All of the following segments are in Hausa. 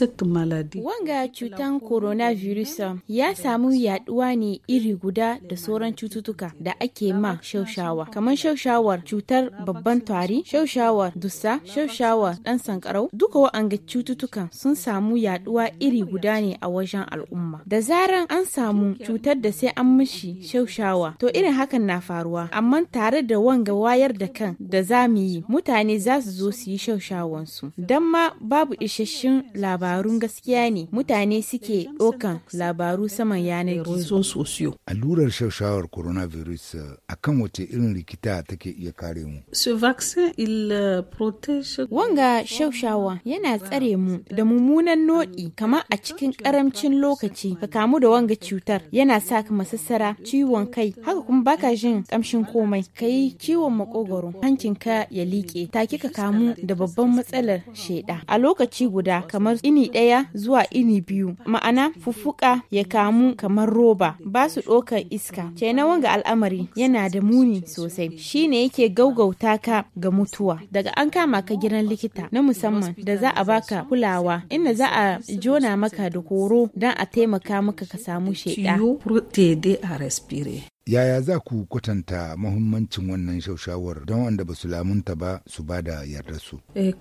Wanga cutan coronavirus ya samu yaduwa ne iri guda da sauran cututtuka da ake ma shaushawa. Kamar shaushawar cutar babban tari, shaushawar dusa, shaushawar dan sankarau, duka wa'anga cututtukan sun samu yaduwa iri guda ne a wajen al'umma. Da zaran an samu cutar da sai an mishi shaushawa, to irin hakan na faruwa. Amma tare da wanga wayar da kan da za mu yi, mutane za su zo su yi shaushawansu. Dan ma babu isasshen labarai. labarun gaskiya ne mutane suke ɗaukan labaru saman yanar gizo. Allurar shawar coronavirus eh, a kan wace irin rikita take iya kare mu. Eh, wanga shawshawa yana tsare mu da mummunan noɗi kamar a cikin ƙaramcin lokaci ka kamu da wanga cutar yana sa ka masassara ciwon kai haka kuma baka jin kamshin komai ka yi ciwon makogoro hancinka ya liƙe take ka kamu da babban matsalar sheda a lokaci guda kamar ini ini ɗaya zuwa ini biyu ma'ana fufuka ya kamu kamar roba ba su ɗaukar iska kenan wanga al'amari yana da muni sosai shine yake gaugauta ka ga mutuwa daga an kama ka gidan likita na musamman da za a baka kulawa inda za a jona maka da horo don a taimaka maka ka samu shaida. Yaya za ku kwatanta mahimmancin wannan shaushawar don wanda ba su lamunta ba su ba da su. Eh,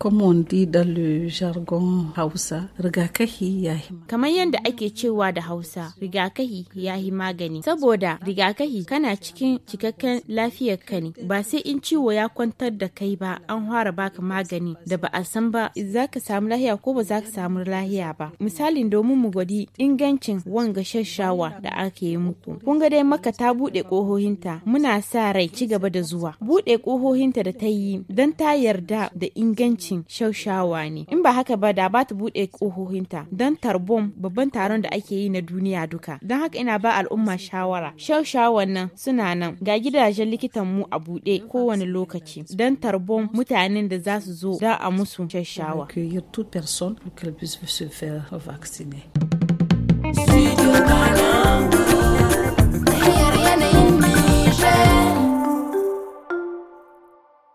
di da jargon Hausa, rigakahi ya magani. Kamar yadda ake cewa da Hausa, rigakahi ya yi magani. Saboda rigakahi kana cikin cikakken lafiyar ka ne, ba sai in ciwo ya kwantar da kai ba an fara baka magani da ba a san ba za ka samu lahiya ko ba za ka samu lahiya ba. Misalin domin mu gwadi ingancin wanga shashawa da ake yi muku. Kun ga dai maka ta buɗe buɗe ƙohohinta muna sa rai ci gaba da zuwa. Buɗe kohohinta da ta yi don ta yarda da ingancin shaushawa ne. In ba haka ba da ba ta buɗe ƙohohinta don tarbon babban taron da ake yi na duniya duka. Don haka ina ba al'umma shawara. Shaushawan nan suna nan ga gidajen likitan mu a buɗe kowane lokaci don tarbon mutanen da za su zo za a musu shaushawa. Studio Ghana.